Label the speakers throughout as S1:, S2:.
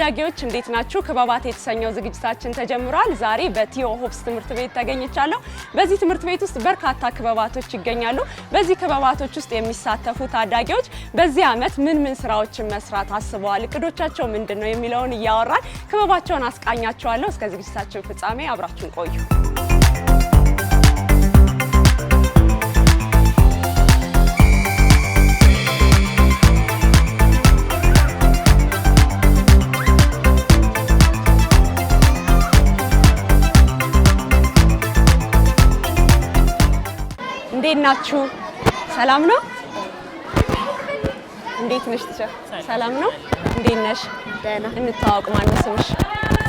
S1: ታዳጊዎች እንዴት ናችሁ? ክበባት የተሰኘው ዝግጅታችን ተጀምሯል። ዛሬ በቲዮ ሆፕስ ትምህርት ቤት ተገኝቻለሁ። በዚህ ትምህርት ቤት ውስጥ በርካታ ክበባቶች ይገኛሉ። በዚህ ክበባቶች ውስጥ የሚሳተፉ ታዳጊዎች በዚህ ዓመት ምን ምን ስራዎችን መስራት አስበዋል፣ እቅዶቻቸው ምንድን ነው የሚለውን እያወራል ክበባቸውን አስቃኛቸዋለሁ። እስከ ዝግጅታችን ፍጻሜ አብራችን ቆዩ። እንዴት ናችሁ? ሰላም ነው? እንዴት ነሽ? ሰላም ነው? እንዴት ነሽ? ደህና። እንተዋወቅ። ማነው ስምሽ?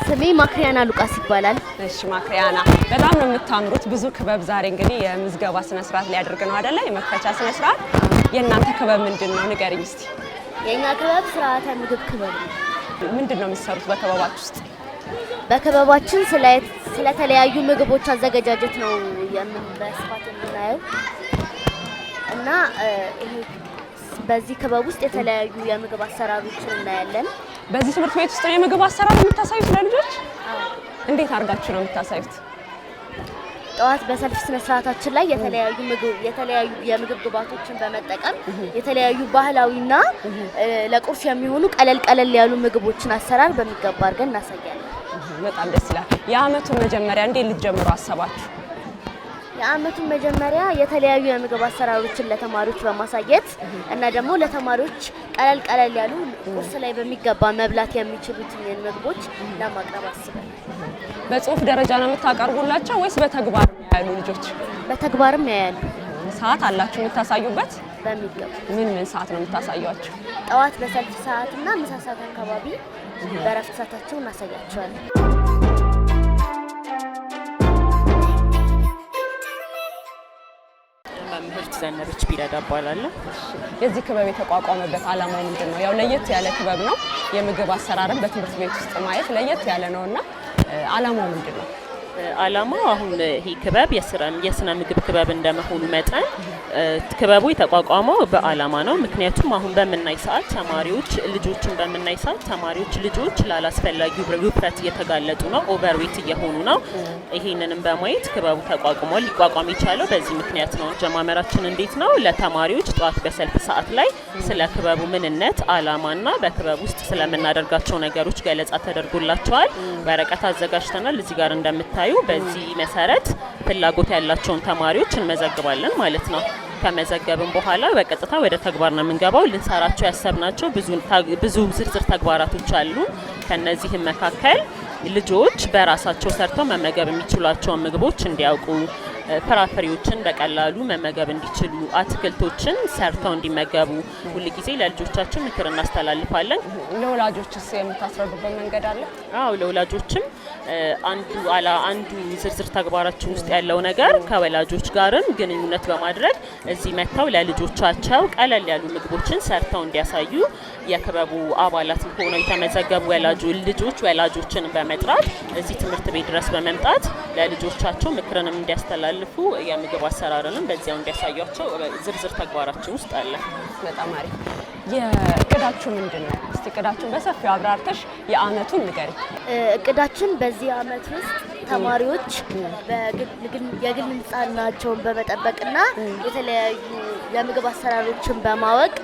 S2: ስሜ ማክሪያና ሉቃስ ይባላል።
S1: እሺ ማክሪያና፣ በጣም ነው የምታምሩት። ብዙ ክበብ ዛሬ እንግዲህ የምዝገባ ስነ ስርዓት ሊያደርግ ነው አይደለ? የመክፈቻ ስነ ስርዓት። የእናንተ ክበብ ምንድን ነው ንገሪኝ እስቲ።
S2: የኛ ክበብ ስርዓተ ምግብ ክበብ ነው።
S1: ምንድን ነው የምትሰሩት በክበባችሁ ውስጥ?
S2: በክበባችን ስለተለያዩ ምግቦች አዘገጃጀት ነው የምን ስናየው እና በዚህ ክበብ ውስጥ የተለያዩ የምግብ አሰራሮችን እናያለን።
S1: በዚህ ትምህርት ቤት ውስጥ የምግብ አሰራር የምታሳዩት ለልጆች እንዴት አድርጋችሁ ነው የምታሳዩት?
S2: ጠዋት በሰልፍ ስነ ስርዓታችን ላይ የተለያዩ ምግብ የተለያዩ የምግብ ግብዓቶችን በመጠቀም የተለያዩ ባህላዊና ለቁርስ የሚሆኑ ቀለል ቀለል ያሉ ምግቦችን አሰራር በሚገባ አድርገን እናሳያለን።
S1: በጣም ደስ ይላል። የአመቱን መጀመሪያ እንዴት ልትጀምሩ አሰባችሁ?
S2: የአመቱን መጀመሪያ የተለያዩ የምግብ አሰራሮችን ለተማሪዎች በማሳየት እና ደግሞ ለተማሪዎች ቀለል ቀለል ያሉ ቁርስ ላይ በሚገባ መብላት የሚችሉትን ምግቦች ለማቅረብ አስበን።
S1: በጽሁፍ ደረጃ ነው የምታቀርቡላቸው ወይስ በተግባር ያሉ ልጆች?
S2: በተግባርም ያያሉ።
S1: ሰዓት አላችሁ የምታሳዩበት? በሚገባ። ምን ምን ሰዓት ነው የምታሳዩቸው?
S2: ጠዋት በሰልፍ ሰዓት እና ምሳ ሰዓት አካባቢ በረፍት ሰዓታቸው እናሳያቸዋለን።
S1: መምህርት ዘነበች ቢረዳ እባላለሁ። የዚህ ክበብ የተቋቋመበት ዓላማው ምንድን ነው? ያው ለየት ያለ ክበብ ነው። የምግብ አሰራርን በትምህርት ቤት ውስጥ ማየት ለየት ያለ ነው እና ዓላማው ምንድን ነው?
S3: ዓላማው አሁን ይሄ ክበብ የስነ ምግብ ክበብ እንደመሆኑ መጠን ክበቡ የተቋቋመው በዓላማ ነው። ምክንያቱም አሁን በምናይ ሰዓት ተማሪዎች ልጆችን በምናይ ሰዓት ተማሪዎች ልጆች ላላስፈላጊ ውፍረት እየተጋለጡ ነው፣ ኦቨርዌት እየሆኑ ነው። ይሄንንም በማየት ክበቡ ተቋቁሟል። ሊቋቋም የቻለው በዚህ ምክንያት ነው። ጀማመራችን እንዴት ነው? ለተማሪዎች ጠዋት በሰልፍ ሰዓት ላይ ስለ ክበቡ ምንነት፣ ዓላማና በክበብ ውስጥ ስለምናደርጋቸው ነገሮች ገለጻ ተደርጎላቸዋል። ወረቀት አዘጋጅተናል። እዚህ ጋር እንደምታዩ በዚህ መሰረት ፍላጎት ያላቸውን ተማሪዎች እንመዘግባለን ማለት ነው። ከመዘገብን በኋላ በቀጥታ ወደ ተግባር ነው የምንገባው። ልንሰራቸው ያሰብናቸው ብዙ ዝርዝር ተግባራቶች አሉ። ከነዚህም መካከል ልጆች በራሳቸው ሰርተው መመገብ የሚችሏቸውን ምግቦች እንዲያውቁ ፍራፍሬዎችን በቀላሉ መመገብ እንዲችሉ፣ አትክልቶችን ሰርተው እንዲመገቡ ሁልጊዜ ለልጆቻችን ምክር እናስተላልፋለን።
S1: ለወላጆችስ የምታስረዱበት መንገድ አለ?
S3: አዎ ለወላጆችም አንዱ አላ አንዱ ዝርዝር ተግባራችን ውስጥ ያለው ነገር ከወላጆች ጋርም ግንኙነት በማድረግ እዚህ መጥተው ለልጆቻቸው ቀለል ያሉ ምግቦችን ሰርተው እንዲያሳዩ የክበቡ አባላት ሆነው የተመዘገቡ ልጆች ወላጆችን በመጥራት እዚህ ትምህርት ቤት ድረስ በመምጣት ለልጆቻቸው ምክርንም እንዲያስተላልፉ እንዲያሳልፉ የምግብ አሰራርንም በዚያው እንዲያሳያቸው ዝርዝር ተግባራችን ውስጥ አለ።
S1: በጣም አሪፍ። የእቅዳችሁ ምንድን ነው? እስቲ እቅዳችሁን በሰፊው አብራርተሽ የአመቱን ንገሪ።
S2: እቅዳችን በዚህ አመት ውስጥ ተማሪዎች የግል ንጽህናቸውን በመጠበቅና የተለያዩ የምግብ አሰራሮችን በማወቅ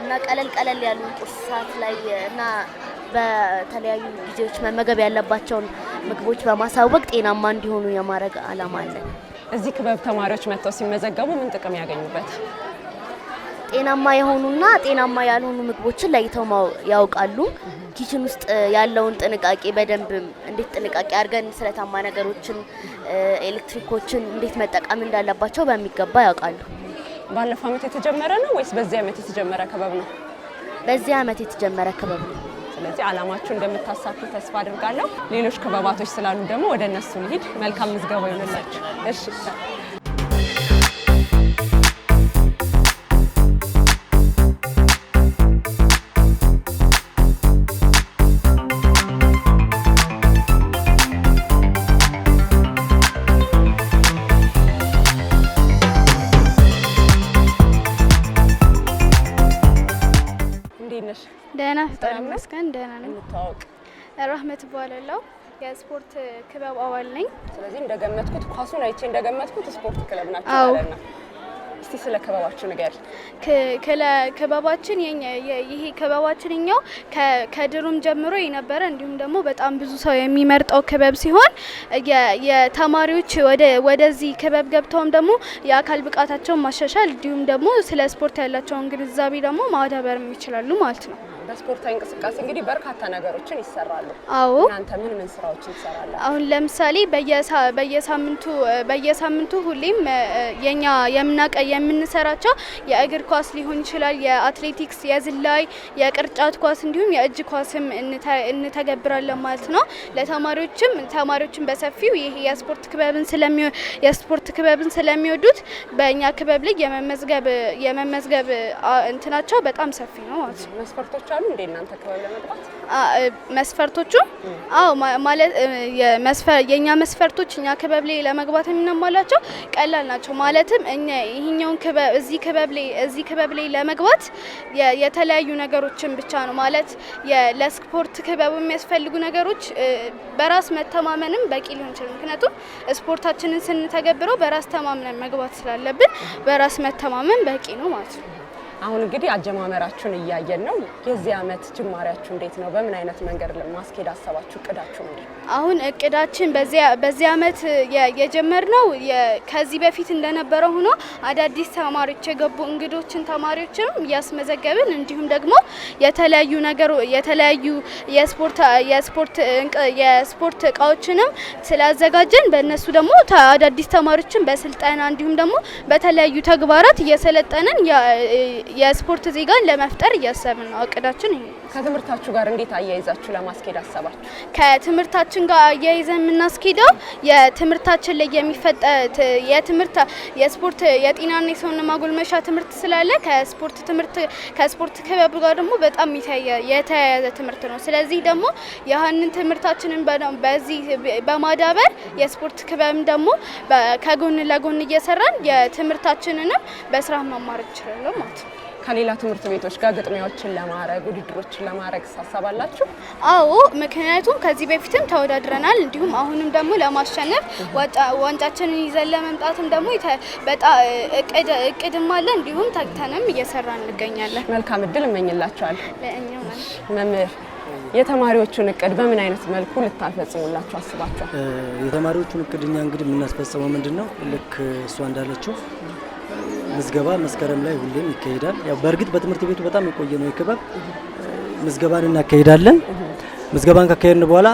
S2: እና ቀለል ቀለል ያሉ ቁርሳት ላይ እና በተለያዩ ጊዜዎች መመገብ ያለባቸውን ምግቦች በማሳወቅ ጤናማ እንዲሆኑ የማድረግ አላማ አለን።
S1: እዚህ ክበብ ተማሪዎች መጥተው ሲመዘገቡ ምን ጥቅም ያገኙበት?
S2: ጤናማ የሆኑና ጤናማ ያልሆኑ ምግቦችን ለይተው ያውቃሉ። ኪችን ውስጥ ያለውን ጥንቃቄ በደንብ እንዴት ጥንቃቄ አድርገን ስለታማ ነገሮችን፣ ኤሌክትሪኮችን እንዴት መጠቀም እንዳለባቸው በሚገባ ያውቃሉ።
S1: ባለፈው ዓመት የተጀመረ ነው ወይስ በዚህ ዓመት የተጀመረ ክበብ ነው?
S2: በዚህ ዓመት የተጀመረ ክበብ ነው።
S1: ስለዚህ አላማችሁ እንደምታሳኩ ተስፋ አድርጋለሁ። ሌሎች ክበባቶች ስላሉ ደግሞ ወደ እነሱ ልሂድ። መልካም ምዝገባ ይሆንላችሁ። እሺ ነሽ?
S2: ደህና ፈጣሪ ይመስገን ደህና ነኝ። እንታወቅ። ራህመት እባላለሁ የስፖርት ክበብ አባል ነኝ።
S1: ስለዚህ እንደገመትኩት ኳሱን አይቼ እንደገመትኩት ስፖርት ክለብ
S2: ናቸው ማለት
S1: እስቲ ስለ ከበባችሁ ንገሪ።
S2: ከበባችን ይሄ ከበባችን እኛው ከድሩም ጀምሮ የነበረ እንዲሁም ደግሞ በጣም ብዙ ሰው የሚመርጠው ክበብ ሲሆን የተማሪዎች ወደዚህ ክበብ ገብተውም ደግሞ የአካል ብቃታቸውን ማሻሻል እንዲሁም ደግሞ ስለ ስፖርት ያላቸውን ግንዛቤ ደግሞ ማዳበር ይችላሉ ማለት ነው።
S1: በስፖርታዊ እንቅስቃሴ እንግዲህ በርካታ ነገሮችን ይሰራሉ። አዎ እናንተ ምን ምን ስራዎችን ይሰራሉ?
S2: አሁን ለምሳሌ በየሳምንቱ በየሳምንቱ ሁሌም የኛ የምናቀ የምንሰራቸው የእግር ኳስ ሊሆን ይችላል፣ የአትሌቲክስ፣ የዝላይ፣ የቅርጫት ኳስ እንዲሁም የእጅ ኳስም እንተገብራለን ማለት ነው። ለተማሪዎችም ተማሪዎችን በሰፊው ይሄ የስፖርት ክበብን የስፖርት ክበብን ስለሚወዱት በእኛ ክበብ ላይ የመመዝገብ የመመዝገብ እንትናቸው በጣም ሰፊ ነው ማለት
S1: ነው። ይችላሉ እንዴ እናንተ አካባቢ ለመግባት
S2: መስፈርቶቹ? አዎ ማለት የእኛ መስፈርቶች እኛ ክበብ ላይ ለመግባት የምናሟላቸው ቀላል ናቸው። ማለትም እኛ ይሄኛውን ክበብ እዚህ ክበብ ላይ እዚህ ክበብ ላይ ለመግባት የተለያዩ ነገሮችን ብቻ ነው ማለት ለስፖርት ክበብ የሚያስፈልጉ ነገሮች በራስ መተማመንም በቂ ሊሆን ይችላል። ምክንያቱም ስፖርታችንን ስንተገብረው በራስ ተማምነን መግባት ስላለብን በራስ መተማመን በቂ ነው ማለት ነው።
S1: አሁን እንግዲህ አጀማመራችሁን እያየን ነው። የዚህ አመት ጅማሪያችሁ እንዴት ነው? በምን አይነት መንገድ ማስኬድ አሰባችሁ? እቅዳችሁ ምንድን ነው?
S2: አሁን እቅዳችን በዚህ አመት የጀመርነው ከዚህ በፊት እንደነበረው ሆኖ አዳዲስ ተማሪዎች የገቡ እንግዶችን ተማሪዎችን እያስመዘገብን እንዲሁም ደግሞ የተለያዩ ነገሩ የተለያዩ የስፖርት የስፖርት እቃዎችንም ስላዘጋጀን በእነሱ ደግሞ አዳዲስ ተማሪዎችን በስልጠና እንዲሁም ደግሞ በተለያዩ ተግባራት እየሰለጠንን የስፖርት ዜጋን ለመፍጠር እያሰብን ነው። እቅዳችን
S1: ከትምህርታችሁ ጋር እንዴት አያይዛችሁ ለማስኬድ አሰባችሁ?
S2: ከትምህርታችን ጋር አያይዘን የምናስኬደው የትምህርታችን ላይ የሚፈጠት የትምህርት የስፖርት የጤናና የሰውነት ማጎልመሻ ትምህርት ስላለ ከስፖርት ትምህርት ከስፖርት ክበብ ጋር ደግሞ በጣም የተያያዘ ትምህርት ነው። ስለዚህ ደግሞ ያህንን ትምህርታችንን በዚህ በማዳበር የስፖርት ክበብም ደግሞ ከጎን ለጎን እየሰራን የትምህርታችንንም በስራ ማማር እንችላለን ማለት
S1: ነው። ከሌላ ትምህርት ቤቶች ጋር ግጥሚያዎችን ለማድረግ ውድድሮችን ለማድረግ ሳሳባላችሁ?
S2: አዎ፣ ምክንያቱም ከዚህ በፊትም ተወዳድረናል። እንዲሁም አሁንም ደግሞ ለማሸነፍ ዋንጫችንን ይዘን ለመምጣትም ደግሞ በጣም እቅድም አለ። እንዲሁም ተግተንም እየሰራ እንገኛለን።
S1: መልካም እድል እመኝላቸዋል። መምህር የተማሪዎቹን እቅድ በምን አይነት መልኩ ልታፈጽሙላችሁ አስባቸዋል
S4: የተማሪዎቹን እቅድ እኛ እንግዲህ የምናስፈጽመው ምንድን ነው ልክ እሷ እንዳለችው ምዝገባ መስከረም ላይ ሁሌም ይካሄዳል። ያው በእርግጥ በትምህርት ቤቱ በጣም የቆየ ነው የክበብ ምዝገባን እናካሄዳለን። ምዝገባን ካካሄድን በኋላ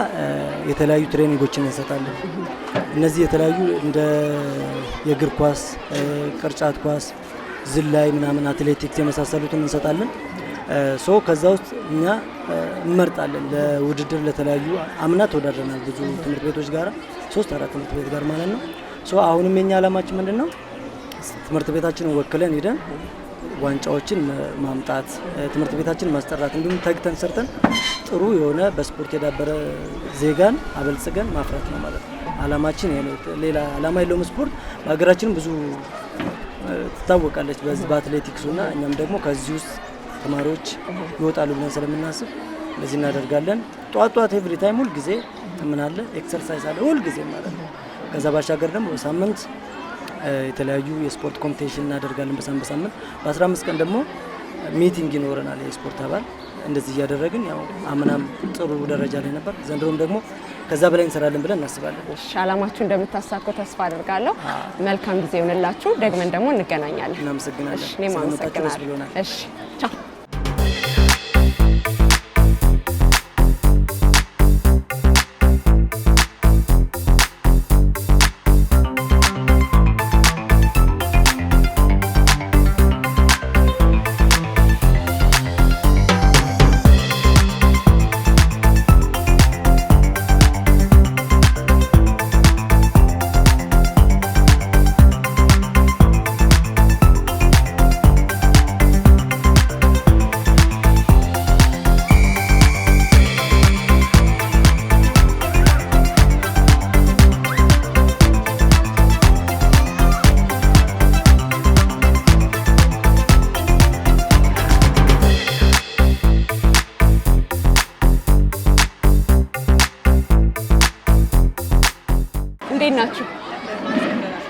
S4: የተለያዩ ትሬኒንጎችን እንሰጣለን። እነዚህ የተለያዩ እንደ የእግር ኳስ፣ ቅርጫት ኳስ፣ ዝላይ ምናምን፣ አትሌቲክስ የመሳሰሉትን እንሰጣለን። ሶ ከዛ ውስጥ እኛ እንመርጣለን ለውድድር ለተለያዩ አምና ተወዳድረናል ብዙ ትምህርት ቤቶች ጋር ሶስት አራት ትምህርት ቤት ጋር ማለት ነው። ሶ አሁንም የኛ ዓላማችን ምንድን ነው ትምህርት ቤታችንን ወክለን ሄደን ዋንጫዎችን ማምጣት ትምህርት ቤታችን ማስጠራት እንዲሁም ተግተን ሰርተን ጥሩ የሆነ በስፖርት የዳበረ ዜጋን አበልጽገን ማፍራት ነው ማለት ነው። አላማችን ሌላ አላማ የለውም። ስፖርት በሀገራችንም ብዙ ትታወቃለች በዚህ በአትሌቲክሱ እና እኛም ደግሞ ከዚህ ውስጥ ተማሪዎች ይወጣሉ ብለን ስለምናስብ እንደዚህ እናደርጋለን። ጠዋት ጠዋት ኤቭሪ ታይም ሁልጊዜ ምናለ ኤክሰርሳይዝ አለ ሁልጊዜ ማለት ነው። ከዛ ባሻገር ደግሞ ሳምንት የተለያዩ የስፖርት ኮምፒቴሽን እናደርጋለን በሳምንት በሳምንት በ15 ቀን ደግሞ ሚቲንግ ይኖረናል የስፖርት አባል እንደዚህ እያደረግን ያው አምናም ጥሩ ደረጃ ላይ ነበር። ዘንድሮም ደግሞ ከዛ በላይ እንሰራለን ብለን እናስባለን።
S1: እሺ አላማችሁ እንደምታሳኩ ተስፋ አድርጋለሁ። መልካም ጊዜ ይሆንላችሁ። ደግመን ደግሞ እንገናኛለን።
S4: እናመሰግናለን።
S1: እኔም አመሰግናለሁ። እሺ ቻው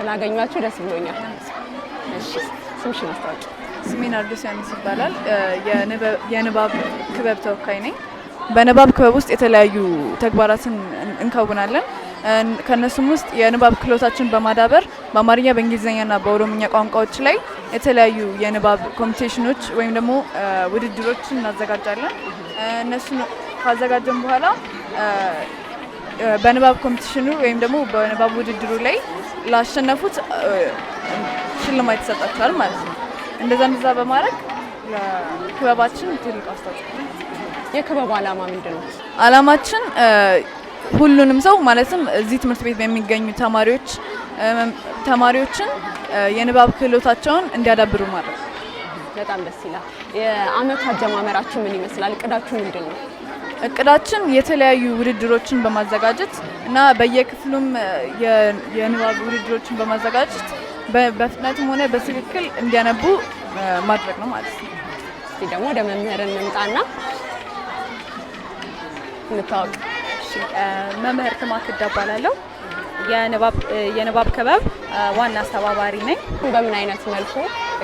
S1: ስላገኟችሁ ደስ ብሎኛል። ስምሽን አስታውቂ።
S5: ስሜ ናርዶስ ያንስ ይባላል። የንባብ ክበብ ተወካይ ነኝ። በንባብ ክበብ ውስጥ የተለያዩ ተግባራትን እንከውናለን። ከእነሱም ውስጥ የንባብ ክህሎታችን በማዳበር በአማርኛ በእንግሊዝኛና በኦሮምኛ ቋንቋዎች ላይ የተለያዩ የንባብ ኮምፒቴሽኖች ወይም ደግሞ ውድድሮችን እናዘጋጃለን። እነሱን ካዘጋጀን በኋላ በንባብ ኮምፒቲሽኑ ወይም ደግሞ በንባብ ውድድሩ ላይ ላሸነፉት ሽልማት ይሰጣቸዋል ማለት ነው። እንደዛ እንደዛ በማድረግ ለክበባችን ትልቅ አስተዋጽኦ።
S1: የክበቡ አላማ ምንድን ነው?
S5: አላማችን ሁሉንም ሰው ማለትም እዚህ ትምህርት ቤት በሚገኙ ተማሪዎች ተማሪዎችን የንባብ ክህሎታቸውን እንዲያዳብሩ ማድረግ።
S1: በጣም ደስ ይላል። የአመቱ አጀማመራችን ምን ይመስላል? እቅዳችሁ ምንድን ነው?
S5: እቅዳችን የተለያዩ ውድድሮችን በማዘጋጀት እና በየክፍሉም የንባብ ውድድሮችን በማዘጋጀት በፍጥነትም ሆነ በትክክል እንዲያነቡ ማድረግ ነው ማለት ነው።
S1: እስቲ ደግሞ ወደ መምህር እንምጣና እንታወቅ።
S6: መምህር ትማክ እባላለሁ። የንባብ ክበብ ዋና አስተባባሪ ነኝ።
S1: በምን አይነት መልኩ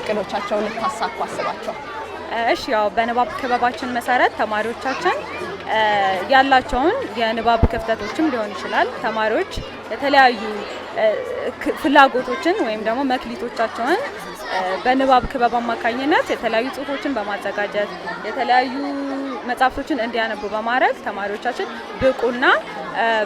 S1: እቅዶቻቸውን ልታሳኩ አስባቸው?
S6: እሺ ያው በንባብ ክበባችን መሰረት ተማሪዎቻችን ያላቸውን የንባብ ክፍተቶችም ሊሆን ይችላል። ተማሪዎች የተለያዩ ፍላጎቶችን ወይም ደግሞ መክሊቶቻቸውን በንባብ ክበብ አማካኝነት የተለያዩ ጽሁፎችን በማዘጋጀት የተለያዩ መጽሐፍቶችን እንዲያነቡ በማድረግ ተማሪዎቻችን ብቁና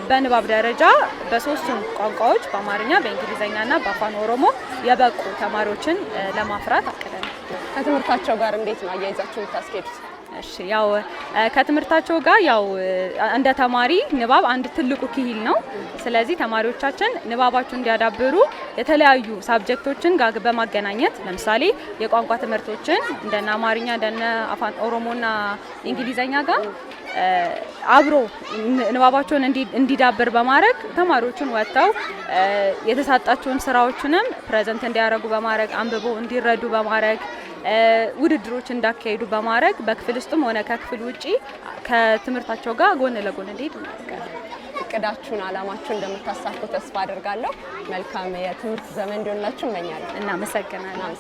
S6: በንባብ ደረጃ በሶስቱም ቋንቋዎች በአማርኛ፣ በእንግሊዝኛና በአፋን ኦሮሞ የበቁ ተማሪዎችን ለማፍራት አቅደናል።
S1: ከትምህርታቸው ጋር እንዴት ነው አያይዛችሁ የምታስኬዱት?
S6: እሺ ያው ከትምህርታቸው ጋር ያው እንደ ተማሪ ንባብ አንድ ትልቁ ክሂል ነው። ስለዚህ ተማሪዎቻችን ንባባቸው እንዲያዳብሩ የተለያዩ ሳብጀክቶችን ጋር በማገናኘት ለምሳሌ የቋንቋ ትምህርቶችን እንደነ አማርኛ እንደነ አፋን ኦሮሞና እንግሊዘኛ ጋር አብሮ ንባባቸውን እንዲዳብር በማድረግ ተማሪዎቹን ወጥተው የተሰጣቸውን ስራዎችንም ፕሬዘንት እንዲያደርጉ በማድረግ አንብቦ እንዲረዱ በማድረግ ውድድሮች እንዳካሄዱ በማድረግ በክፍል ውስጥም ሆነ ከክፍል ውጪ ከትምህርታቸው ጋር ጎን ለጎን እንዲሄድ እናደርጋለን።
S1: እቅዳችሁን አላማችሁን እንደምታሳኩ ተስፋ አድርጋለሁ። መልካም የትምህርት ዘመን እንዲሆንላችሁ እመኛለሁ።
S6: እናመሰግናለን።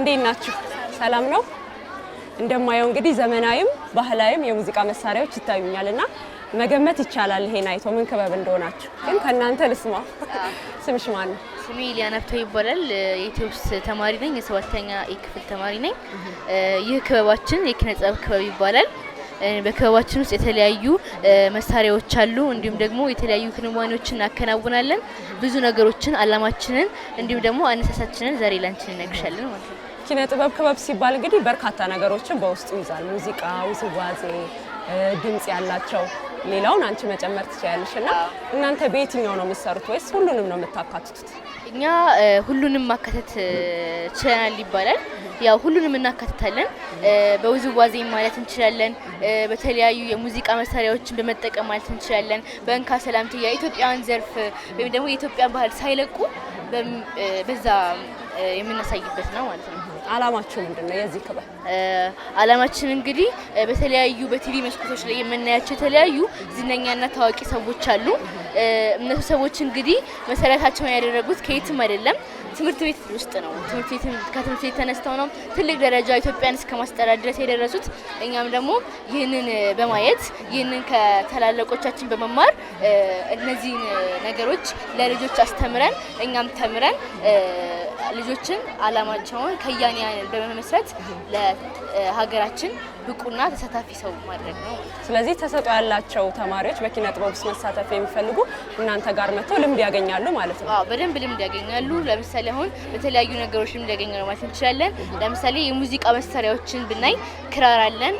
S1: እንዴት ናችሁ? ሰላም ነው? እንደማየው እንግዲህ ዘመናዊም ባህላዊም የሙዚቃ መሳሪያዎች ይታዩኛል እና መገመት ይቻላል ይሄን አይቶ ምን ክበብ እንደሆናችሁ። ግን ከእናንተ ልስማ። ስምሽ ማን ነው?
S2: ስሜ ሊያነፍቶ ይባላል። የኢትዮፕስ ተማሪ ነኝ። የሰባተኛ ክፍል ተማሪ ነኝ። ይህ ክበባችን የኪነ ክበብ ይባላል። በክበባችን ውስጥ የተለያዩ መሳሪያዎች አሉ። እንዲሁም ደግሞ የተለያዩ ክንዋኔዎችን እናከናውናለን። ብዙ ነገሮችን አላማችንን፣ እንዲሁም ደግሞ አነሳሳችንን ዛሬ ላንችን እነግርሻለን ማለት ነው።
S1: ኪነ ጥበብ ክበብ ሲባል እንግዲህ በርካታ ነገሮችን በውስጡ ይዛል። ሙዚቃ፣ ውዝዋዜ፣ ድምፅ ያላቸው ሌላውን አንቺ መጨመር ትችያለሽ። እና እናንተ በየትኛው ነው የምትሰሩት ወይስ ሁሉንም ነው የምታካትቱት?
S2: እኛ ሁሉንም ማካተት ችለናል ይባላል። ያው ሁሉንም እናካትታለን። በውዝዋዜ ማለት እንችላለን። በተለያዩ የሙዚቃ መሳሪያዎችን በመጠቀም ማለት እንችላለን። በእንካ ሰላምት የኢትዮጵያን ዘርፍ ወይም ደግሞ የኢትዮጵያን ባህል ሳይለቁ በዛ የምናሳይበት ነው ማለት
S1: ነው። አላማቸው ምንድን ነው? የዚህ ክበብ
S2: አላማችን እንግዲህ በተለያዩ በቲቪ መስኮቶች ላይ የምናያቸው የተለያዩ ዝነኛና ታዋቂ ሰዎች አሉ። እነሱ ሰዎች እንግዲህ መሰረታቸውን ያደረጉት ከየትም አይደለም ትምህርት ቤት ውስጥ ነው። ትምህርት ቤት ከትምህርት ቤት ተነስተው ነው ትልቅ ደረጃ ኢትዮጵያን እስከ ማስጠራት ድረስ የደረሱት። እኛም ደግሞ ይህንን በማየት ይህንን ከታላላቆቻችን በመማር እነዚህን ነገሮች ለልጆች አስተምረን እኛም ተምረን ልጆችን አላማቸውን ከያንያን በመመስረት ሀገራችን ብቁና ተሳታፊ ሰው ማድረግ
S1: ነው። ስለዚህ ተሰጥኦ ያላቸው ተማሪዎች በኪነ ጥበብ ውስጥ መሳተፍ የሚፈልጉ እናንተ ጋር መጥተው ልምድ ያገኛሉ ማለት
S2: ነው። በደንብ ልምድ ያገኛሉ። ለምሳሌ አሁን በተለያዩ ነገሮች ልምድ ያገኛሉ ማለት እንችላለን። ለምሳሌ የሙዚቃ መሳሪያዎችን ብናይ ክራር አለን፣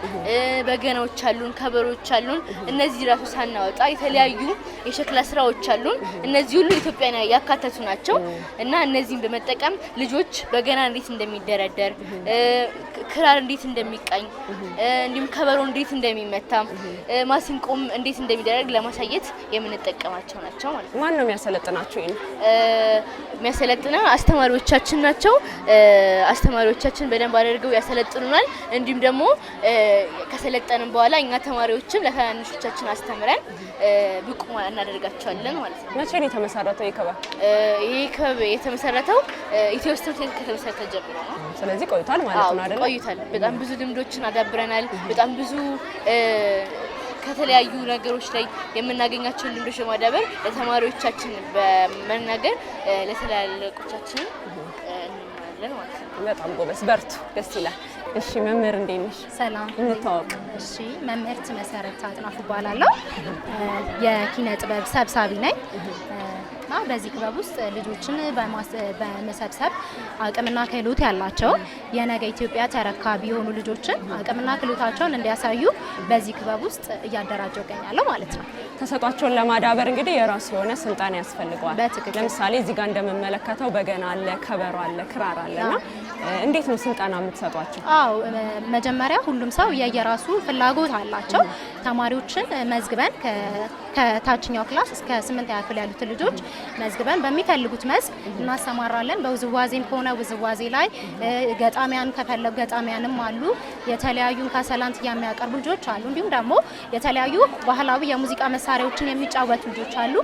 S2: በገናዎች አሉን፣ ከበሮች አሉን። እነዚህ ራሱ ሳናወጣ የተለያዩ የሸክላ ስራዎች አሉን። እነዚህ ሁሉ ኢትዮጵያን ያካተቱ ናቸው እና እነዚህን በመጠቀም ልጆች በገና እንዴት እንደሚደረደር ክራር እንዴት እንደሚቃኝ እንዲሁም ከበሮ እንዴት እንደሚመታም ማሲንቆም እንዴት እንደሚደረግ ለማሳየት የምንጠቀማቸው ናቸው ማለት
S1: ነው። ማን ነው የሚያሰለጥናቸው?
S2: የሚያሰለጥነው አስተማሪዎቻችን ናቸው። አስተማሪዎቻችን በደንብ አድርገው ያሰለጥኑናል። እንዲሁም ደግሞ ከሰለጠንም በኋላ እኛ ተማሪዎችም ለታናናሾቻችን አስተምረን ብቁ እናደርጋቸዋለን ማለት
S1: ነው። መቼ ነው የተመሰረተው ይህ
S2: ይህ ክበብ የተመሰረተው ኢትዮ ስቴት ከተመሰረተ ጀምሮ ነው።
S1: ስለዚህ ቆይቷል ማለት ነው አይደል?
S2: ቆይቷል። በጣም ብዙ ልምዶችን አዳብረናል። በጣም ብዙ ከተለያዩ ነገሮች ላይ የምናገኛቸውን ልምዶች በማዳበር ለተማሪዎቻችን በመናገር ለትላልቆቻችን እንማለን
S1: ማለት ነው። በጣም ጎበዝ፣ በርቱ፣ ደስ ይላል። እሺ መምህር እንዴት ነሽ? ሰላም እንታወቅ።
S2: እሺ መምህርት መሰረት አጥናፉ እባላለሁ። የኪነ ጥበብ ሰብሳቢ ነኝ። እና በዚህ ክበብ ውስጥ ልጆችን በመሰብሰብ አቅምና ክህሎት ያላቸው የነገ ኢትዮጵያ ተረካቢ የሆኑ ልጆችን አቅምና ክህሎታቸውን እንዲያሳዩ በዚህ ክበብ ውስጥ እያደራጀው ይገኛለሁ ማለት ነው።
S1: ተሰጧቸውን ለማዳበር እንግዲህ የራሱ የሆነ ስልጠና ያስፈልገዋል። ለምሳሌ እዚህ ጋር እንደምመለከተው በገና አለ፣ ከበሮ አለ፣ ክራር አለ እና እንዴት ነው ስልጠና የምትሰጧቸው?
S2: አዎ መጀመሪያ ሁሉም ሰው የየራሱ ፍላጎት አላቸው። ተማሪዎችን መዝግበን ከታችኛው ክላስ እስከ ስምንት ያክል ያሉትን ልጆች መዝግበን በሚፈልጉት መስክ እናሰማራለን። በውዝዋዜም ከሆነ ውዝዋዜ ላይ ገጣሚያን ከፈለጉ ገጣሚያንም አሉ። የተለያዩ ከሰላንት የሚያቀርቡ ልጆች አሉ። እንዲሁም ደግሞ የተለያዩ ባህላዊ የሙዚቃ መሳሪያዎችን የሚጫወቱ ልጆች አሉ።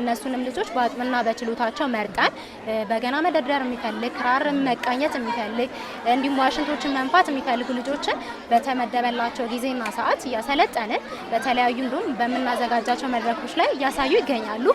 S2: እነሱንም ልጆች በአቅምና በችሎታቸው መርጠን በገና መደርደር የሚፈልግ ክራር መቃኘት የሚፈልግ እንዲሁም ዋሽንቶችን መንፋት የሚፈልጉ ልጆችን በተመደበላቸው ጊዜና ሰዓት እያሰለጠንን በተለያዩ እንዲሁም በምናዘጋጃቸው መድረኮች ላይ እያሳዩ ይገኛሉ።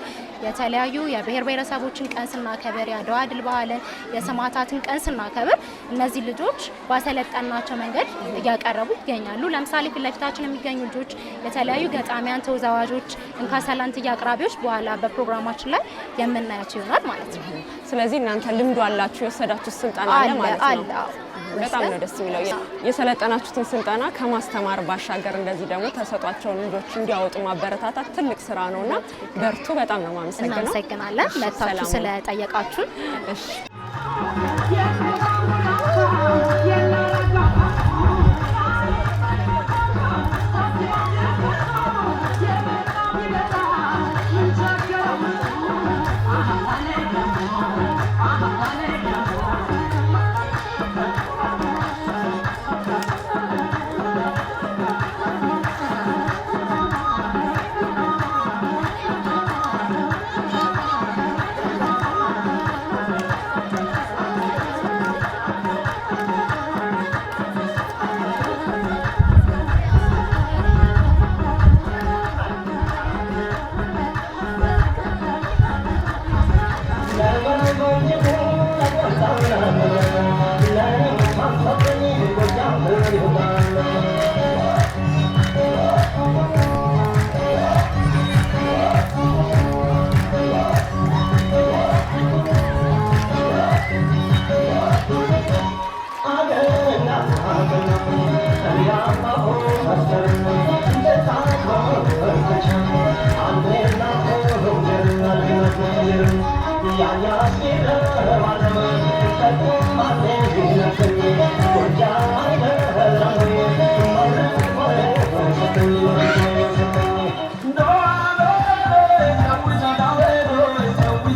S2: የተለያዩ የብሔር ብሔረሰቦችን ቀን ስናከብር፣ የአድዋ ድል በዓልን፣ የሰማዕታትን ቀን ስናከብር እነዚህ ልጆች ባሰለጠናቸው መንገድ እያቀረቡ ይገኛሉ። ለምሳሌ ፊት ለፊታችን የሚገኙ ልጆች የተለያዩ ገጣሚያን፣ ተወዛዋዦች፣ እንካሳላንት አቅራቢዎች በኋላ በፕሮግራማችን ላይ የምናያቸው ይሆናል ማለት ነው።
S1: ስለዚህ እናንተ ልምዱ አላችሁ የወሰዳችሁ ስልጠና አለ ማለት ነው። በጣም ነው ደስ የሚለው። የሰለጠናችሁትን ስልጠና ከማስተማር ባሻገር እንደዚህ ደግሞ ተሰጧቸውን ልጆች እንዲያወጡ ማበረታታት ትልቅ ስራ ነው እና በርቱ። በጣም ነው
S2: ማመሰግነው። እናመሰግናለን መታችሁ ስለጠየቃችሁን።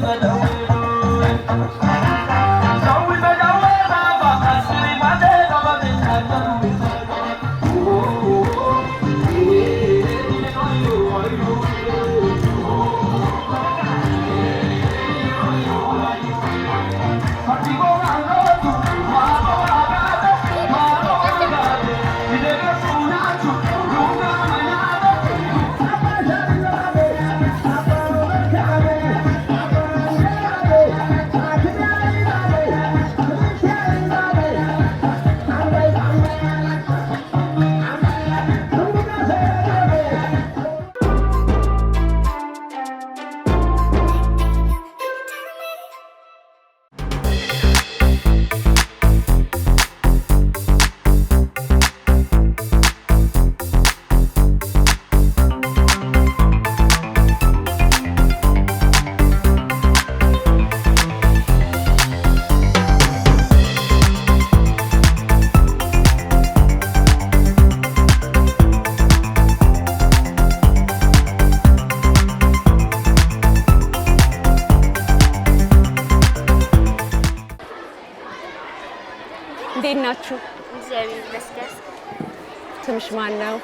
S2: know.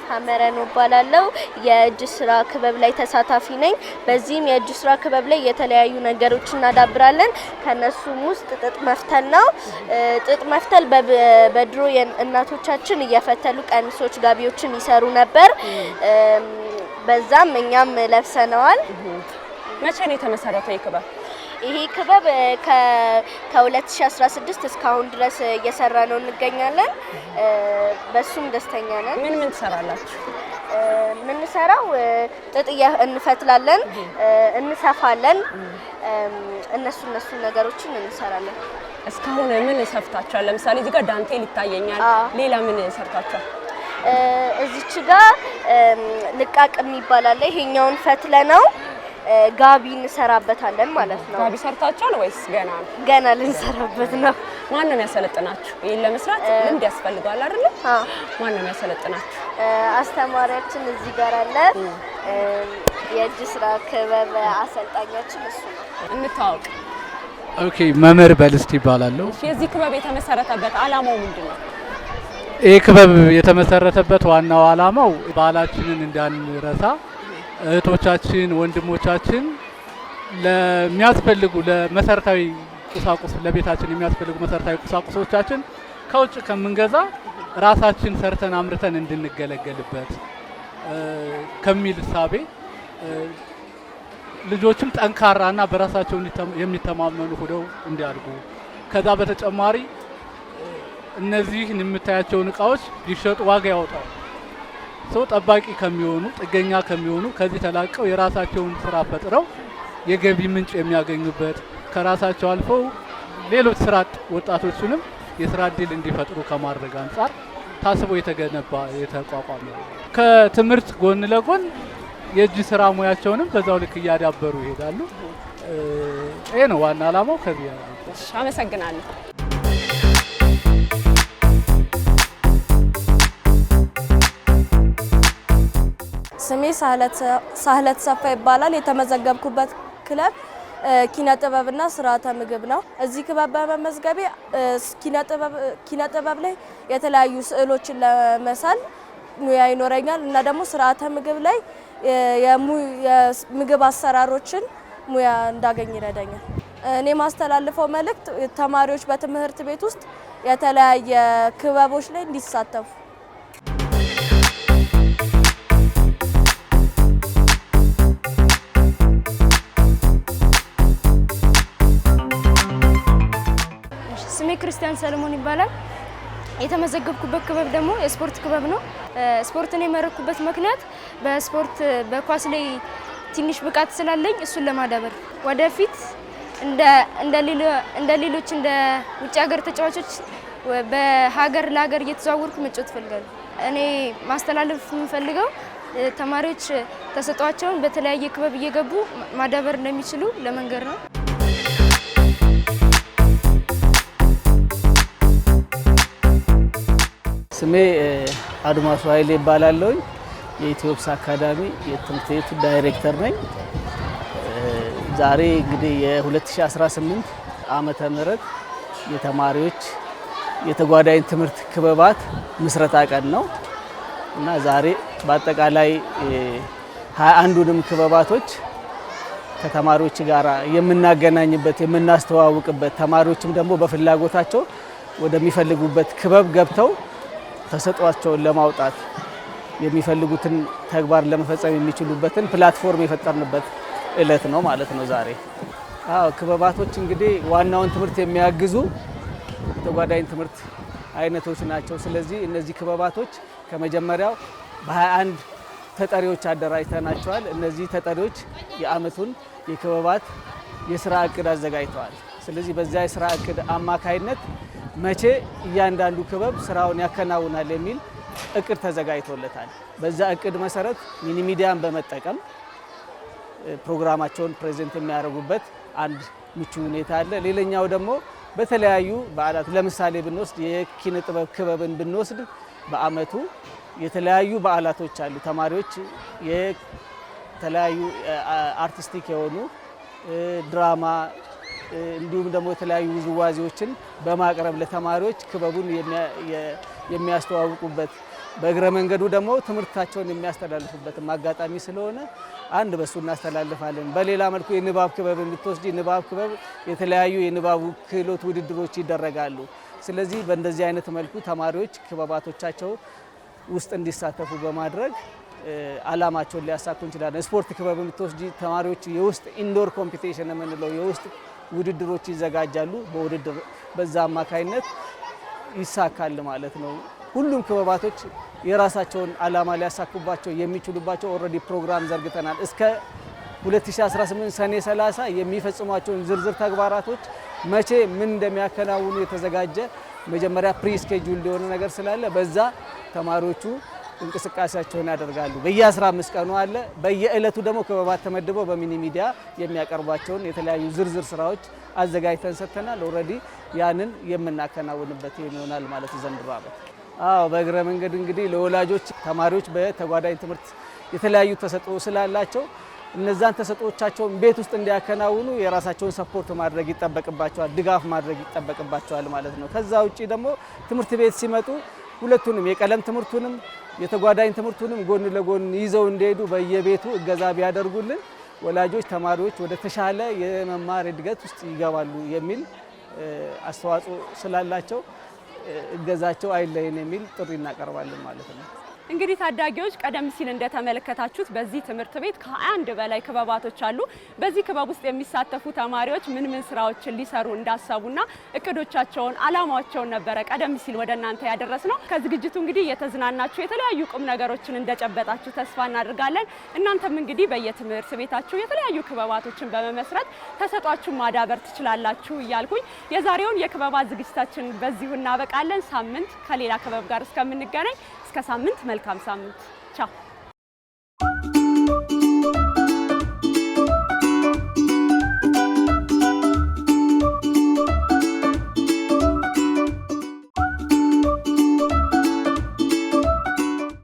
S2: ታመረ ነው እባላለሁ። የእጅ ስራ ክበብ ላይ ተሳታፊ ነኝ። በዚህም የእጅ ስራ ክበብ ላይ የተለያዩ ነገሮች እናዳብራለን። ከነሱም ውስጥ ጥጥ መፍተል ነው። ጥጥ መፍተል በድሮ እናቶቻችን እየፈተሉ ቀሚሶች፣ ጋቢዎችን ይሰሩ ነበር። በዛም እኛም ለብሰነዋል።
S1: መቼ ነው የተመሰረተው ይህ ክበብ?
S2: ይሄ ክበብ ከ2016 እስካሁን ድረስ እየሰራ ነው እንገኛለን። በሱም ደስተኛ ነን።
S1: ምን ምን ትሰራላችሁ?
S2: የምንሰራው ጥጥ እንፈትላለን፣ እንሰፋለን። እነሱ እነሱ ነገሮችን እንሰራለን።
S1: እስካሁን ምን ሰፍታችኋል? ለምሳሌ እዚህ ጋር ዳንቴል ይታየኛል። ሌላ ምን ሰርታችኋል?
S2: እዚች ጋር ንቃቅ ይባላል። ይሄኛውን ፈትለ ነው ጋቢ እንሰራበታለን ማለት ነው።
S1: ጋቢ ሰርታችኋል ወይስ ገና ነው?
S2: ገና ልንሰራበት ነው።
S1: ማን ነው የሚያሰለጥናችሁ? ይሄን ለመስራት ልምድ ያስፈልገዋል አይደል? ማን ነው የሚያሰለጥናችሁ?
S2: አስተማሪያችን እዚህ ጋር አለ። የእጅ ስራ ክበብ አሰልጣኛችን እሱ ነው።
S1: እንታወቅ።
S7: ኦኬ። መምህር በልስት ይባላለሁ።
S1: የዚህ ክበብ የተመሰረተበት አላማው ምንድን ነው?
S7: ይህ ክበብ የተመሰረተበት ዋናው አላማው ባህላችንን እንዳንረሳ እህቶቻችን ወንድሞቻችን ለሚያስፈልጉ ለመሰረታዊ ቁሳቁስ ለቤታችን የሚያስፈልጉ መሰረታዊ ቁሳቁሶቻችን ከውጭ ከምንገዛ ራሳችን ሰርተን አምርተን እንድንገለገልበት ከሚል እሳቤ ልጆችም ጠንካራና በራሳቸው የሚተማመኑ ሁደው እንዲያድጉ ከዛ በተጨማሪ እነዚህን የምታያቸውን እቃዎች ሊሸጡ ዋጋ ያወጣል። ሰው ጠባቂ ከሚሆኑ ጥገኛ ከሚሆኑ ከዚህ ተላቀው የራሳቸውን ስራ ፈጥረው የገቢ ምንጭ የሚያገኙበት ከራሳቸው አልፈው ሌሎች ስራ ወጣቶችንም የስራ እድል እንዲፈጥሩ ከማድረግ አንጻር ታስቦ የተገነባ የተቋቋመ ከትምህርት ጎን ለጎን የእጅ ስራ ሙያቸውንም በዛው ልክ እያዳበሩ ይሄዳሉ። ይሄ ነው ዋና ዓላማው። ከዚህ
S1: አመሰግናለሁ።
S2: ስሜ ሳህለት ሰፋ ይባላል። የተመዘገብኩበት ክለብ ኪነ ጥበብና ስርዓተ ምግብ ነው። እዚህ ክበብ በመመዝገቤ ኪነ ጥበብ ላይ የተለያዩ ስዕሎችን ለመሳል ሙያ ይኖረኛል እና ደግሞ ስርዓተ ምግብ ላይ የምግብ አሰራሮችን ሙያ እንዳገኝ ይረዳኛል። እኔ ማስተላልፈው መልእክት ተማሪዎች በትምህርት ቤት ውስጥ የተለያየ ክበቦች ላይ እንዲሳተፉ ክርስቲያን ሰለሞን ይባላል። የተመዘገብኩበት ክበብ ደግሞ የስፖርት ክበብ ነው። ስፖርትን የመረኩበት ምክንያት በስፖርት በኳስ ላይ ትንሽ ብቃት ስላለኝ እሱን ለማዳበር ወደፊት እንደ ሌሎች እንደ ውጭ ሀገር ተጫዋቾች በሀገር ለሀገር እየተዘዋወርኩ መጫወት እፈልጋለሁ። እኔ ማስተላለፍ የምፈልገው ተማሪዎች ተሰጧቸውን በተለያየ ክበብ እየገቡ ማዳበር እንደሚችሉ ለመንገር ነው።
S8: ስሜ አድማሱ ኃይሌ ይባላለሁኝ። የኢትዮፕስ አካዳሚ የትምህርት ቤቱ ዳይሬክተር ነኝ። ዛሬ እንግዲህ የ2018 ዓመተ ምህረት የተማሪዎች የተጓዳኝ ትምህርት ክበባት ምስረታ ቀን ነው እና ዛሬ በአጠቃላይ ሀያ አንዱንም ክበባቶች ከተማሪዎች ጋር የምናገናኝበት የምናስተዋውቅበት ተማሪዎችም ደግሞ በፍላጎታቸው ወደሚፈልጉበት ክበብ ገብተው ተሰጧቸውን ለማውጣት የሚፈልጉትን ተግባር ለመፈጸም የሚችሉበትን ፕላትፎርም የፈጠርንበት እለት ነው ማለት ነው ዛሬ። አዎ ክበባቶች እንግዲህ ዋናውን ትምህርት የሚያግዙ ተጓዳኝ ትምህርት አይነቶች ናቸው። ስለዚህ እነዚህ ክበባቶች ከመጀመሪያው በ21 ተጠሪዎች አደራጅተናቸዋል። እነዚህ ተጠሪዎች የአመቱን የክበባት የስራ እቅድ አዘጋጅተዋል። ስለዚህ በዚያ የስራ እቅድ አማካይነት መቼ እያንዳንዱ ክበብ ስራውን ያከናውናል የሚል እቅድ ተዘጋጅቶለታል። በዛ እቅድ መሰረት ሚኒሚዲያን ሚዲያን በመጠቀም ፕሮግራማቸውን ፕሬዘንት የሚያደርጉበት አንድ ምቹ ሁኔታ አለ። ሌላኛው ደግሞ በተለያዩ በዓላት ለምሳሌ ብንወስድ የኪነ ጥበብ ክበብን ብንወስድ በአመቱ የተለያዩ በዓላቶች አሉ። ተማሪዎች የተለያዩ አርቲስቲክ የሆኑ ድራማ እንዲሁም ደግሞ የተለያዩ ውዝዋዜዎችን በማቅረብ ለተማሪዎች ክበቡን የሚያስተዋውቁበት በእግረ መንገዱ ደግሞ ትምህርታቸውን የሚያስተላልፉበት አጋጣሚ ስለሆነ አንድ በሱ እናስተላልፋለን። በሌላ መልኩ የንባብ ክበብ የምትወስድ ንባብ ክበብ የተለያዩ የንባቡ ክህሎት ውድድሮች ይደረጋሉ። ስለዚህ በእንደዚህ አይነት መልኩ ተማሪዎች ክበባቶቻቸው ውስጥ እንዲሳተፉ በማድረግ አላማቸውን ሊያሳኩ እንችላለን። ስፖርት ክበብ የምትወስድ ተማሪዎች የውስጥ ኢንዶር ኮምፒቴሽን የምንለው የውስጥ ውድድሮች ይዘጋጃሉ። በውድድር በዛ አማካይነት ይሳካል ማለት ነው። ሁሉም ክበባቶች የራሳቸውን አላማ ሊያሳኩባቸው የሚችሉባቸው ኦልሬዲ ፕሮግራም ዘርግተናል። እስከ 2018 ሰኔ 30 የሚፈጽሟቸውን ዝርዝር ተግባራቶች መቼ ምን እንደሚያከናውኑ የተዘጋጀ መጀመሪያ ፕሪ ስኬጁል የሆነ ነገር ስላለ በዛ ተማሪዎቹ እንቅስቃሴያቸውን ያደርጋሉ። በየ15 ቀኑ አለ። በየዕለቱ ደግሞ ክበባት ተመድበው በሚኒ ሚዲያ የሚያቀርቧቸውን የተለያዩ ዝርዝር ስራዎች አዘጋጅተን ሰጥተናል። ኦልሬዲ ያንን የምናከናውንበት ይሆናል ማለት ዘንድሮ ዓመት። አዎ በእግረ መንገድ እንግዲህ ለወላጆች ተማሪዎች በተጓዳኝ ትምህርት የተለያዩ ተሰጥኦ ስላላቸው እነዛን ተሰጥኦቻቸውን ቤት ውስጥ እንዲያከናውኑ የራሳቸውን ሰፖርት ማድረግ ይጠበቅባቸዋል፣ ድጋፍ ማድረግ ይጠበቅባቸዋል ማለት ነው። ከዛ ውጭ ደግሞ ትምህርት ቤት ሲመጡ ሁለቱንም የቀለም ትምህርቱንም የተጓዳኝ ትምህርቱንም ጎን ለጎን ይዘው እንዲሄዱ በየቤቱ እገዛ ቢያደርጉልን ወላጆች ተማሪዎች ወደ ተሻለ የመማር እድገት ውስጥ ይገባሉ የሚል አስተዋጽኦ ስላላቸው እገዛቸው አይለይን የሚል ጥሪ እናቀርባለን ማለት ነው።
S1: እንግዲህ ታዳጊዎች ቀደም ሲል እንደተመለከታችሁት በዚህ ትምህርት ቤት ከአንድ በላይ ክበባቶች አሉ። በዚህ ክበብ ውስጥ የሚሳተፉ ተማሪዎች ምን ምን ስራዎችን ሊሰሩ እንዳሰቡና እቅዶቻቸውን፣ አላማቸውን ነበረ ቀደም ሲል ወደ እናንተ ያደረስ ነው። ከዝግጅቱ እንግዲህ የተዝናናችሁ የተለያዩ ቁም ነገሮችን እንደጨበጣችሁ ተስፋ እናድርጋለን። እናንተም እንግዲህ በየትምህርት ቤታችሁ የተለያዩ ክበባቶችን በመመስረት ተሰጧችሁ ማዳበር ትችላላችሁ እያልኩኝ የዛሬውን የክበባት ዝግጅታችን በዚሁ እናበቃለን። ሳምንት ከሌላ ክበብ ጋር እስከምንገናኝ እስከ ሳምንት መልካም ሳምንት ቻው።